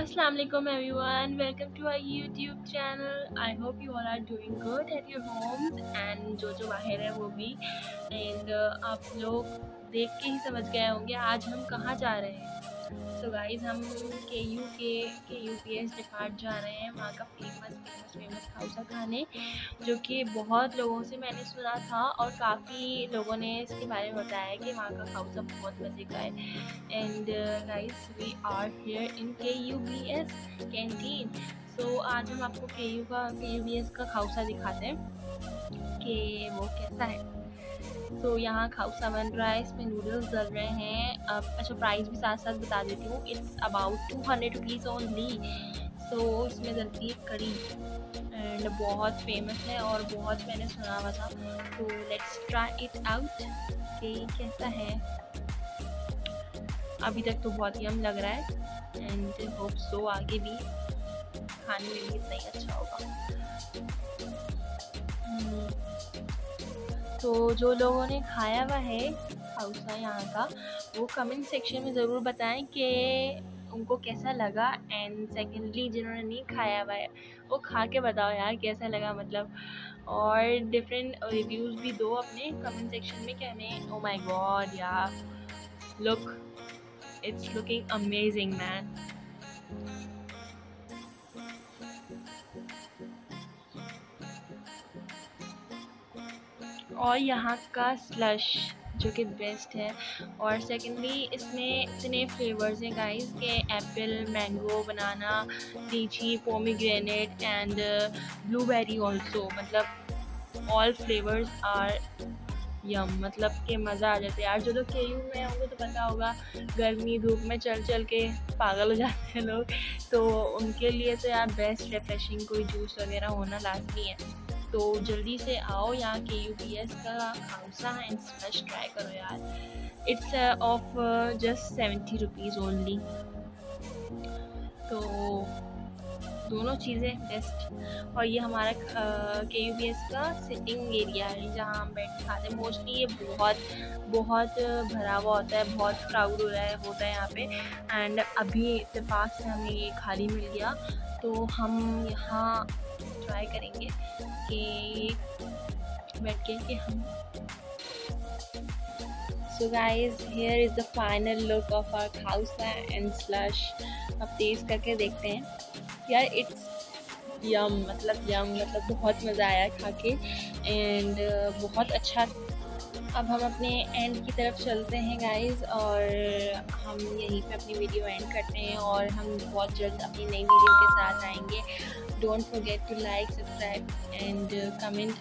Assalamu alaikum everyone welcome to our YouTube channel I hope you all are doing good at your homes and जो जो बाहर है वो भी and uh, आप लोग देख के ही समझ गए होंगे आज हम कहाँ जा रहे हैं सो गाइज हम के यू के K U P S depart जा रहे हैं वहाँ का फेमस फेमस फेमस खाउसा खाने जो कि बहुत लोगों से मैंने सुना था और काफ़ी लोगों ने इसके बारे में बताया कि वहाँ का खाउसा बहुत मज़े का है and guys we are here in K U B S canteen so आज हम आपको के यू का के यू बी एस का खाउसा दिखाते हैं कि वो कैसा है तो यहाँ खाउसा बन रहा है इसमें नूडल्स डल रहे हैं अब अच्छा प्राइस भी साथ साथ बता देती हूँ it's about two hundred rupees only so इसमें जल्दी है एंड बहुत फेमस है और बहुत मैंने सुना हुआ था तो लेट्स ट्राई इट आउट कि कैसा है अभी तक तो बहुत हम लग रहा है एंड होप सो आगे भी खाने में भी इतना ही अच्छा होगा तो जो लोगों ने खाया हुआ है हाउसा यहाँ का वो कमेंट सेक्शन में ज़रूर बताएं कि उनको कैसा लगा एंड सेकेंडली जिन्होंने नहीं खाया हुआ है वो खा के बताओ यार कैसा लगा मतलब और डिफरेंट रिव्यूज़ भी दो अपने कमेंट सेक्शन में कहने ओ माई गॉड यार look it's looking amazing man और यहाँ का स्लश जो कि बेस्ट है और सेकेंडली इसमें इतने फ्लेवर्स हैं गाइस के apple mango banana lychee pomegranate and blueberry also मतलब ऑल फ्लेवर्स आर यम मतलब के मज़ा आ जाता है यार जो लोग के यू में होंगे तो पता होगा गर्मी धूप में चल चल के पागल हो जाते हैं लोग तो उनके लिए तो यार बेस्ट रिफ्रेशिंग कोई जूस वगैरह होना लाजमी है तो जल्दी से आओ यहाँ के यू पी एस का खामसा एंड स्पेश ट्राई करो यार it's of just seventy rupees only तो दोनों चीज़ें बेस्ट और ये हमारा uh, K U B S का सिटिंग एरिया है जहाँ हम बैठ खाते हैं मोस्टली ये बहुत बहुत भरा हुआ होता है बहुत क्राउड हो रहा है होता है यहाँ पे एंड अभी इतफाक़ से हमें ये खाली मिल गया तो हम यहाँ ट्राई करेंगे कि बैठ के कि हम so guys here is the final look of our house and slush अब तेज करके देखते हैं यार इट्स यम मतलब यम मतलब बहुत मज़ा आया खा के एंड uh, बहुत अच्छा अब हम अपने एंड की तरफ चलते हैं गाइस और हम यहीं पे अपनी वीडियो एंड करते हैं और हम बहुत जल्द अपनी नई वीडियो के साथ आएंगे don't forget to like subscribe and uh, comment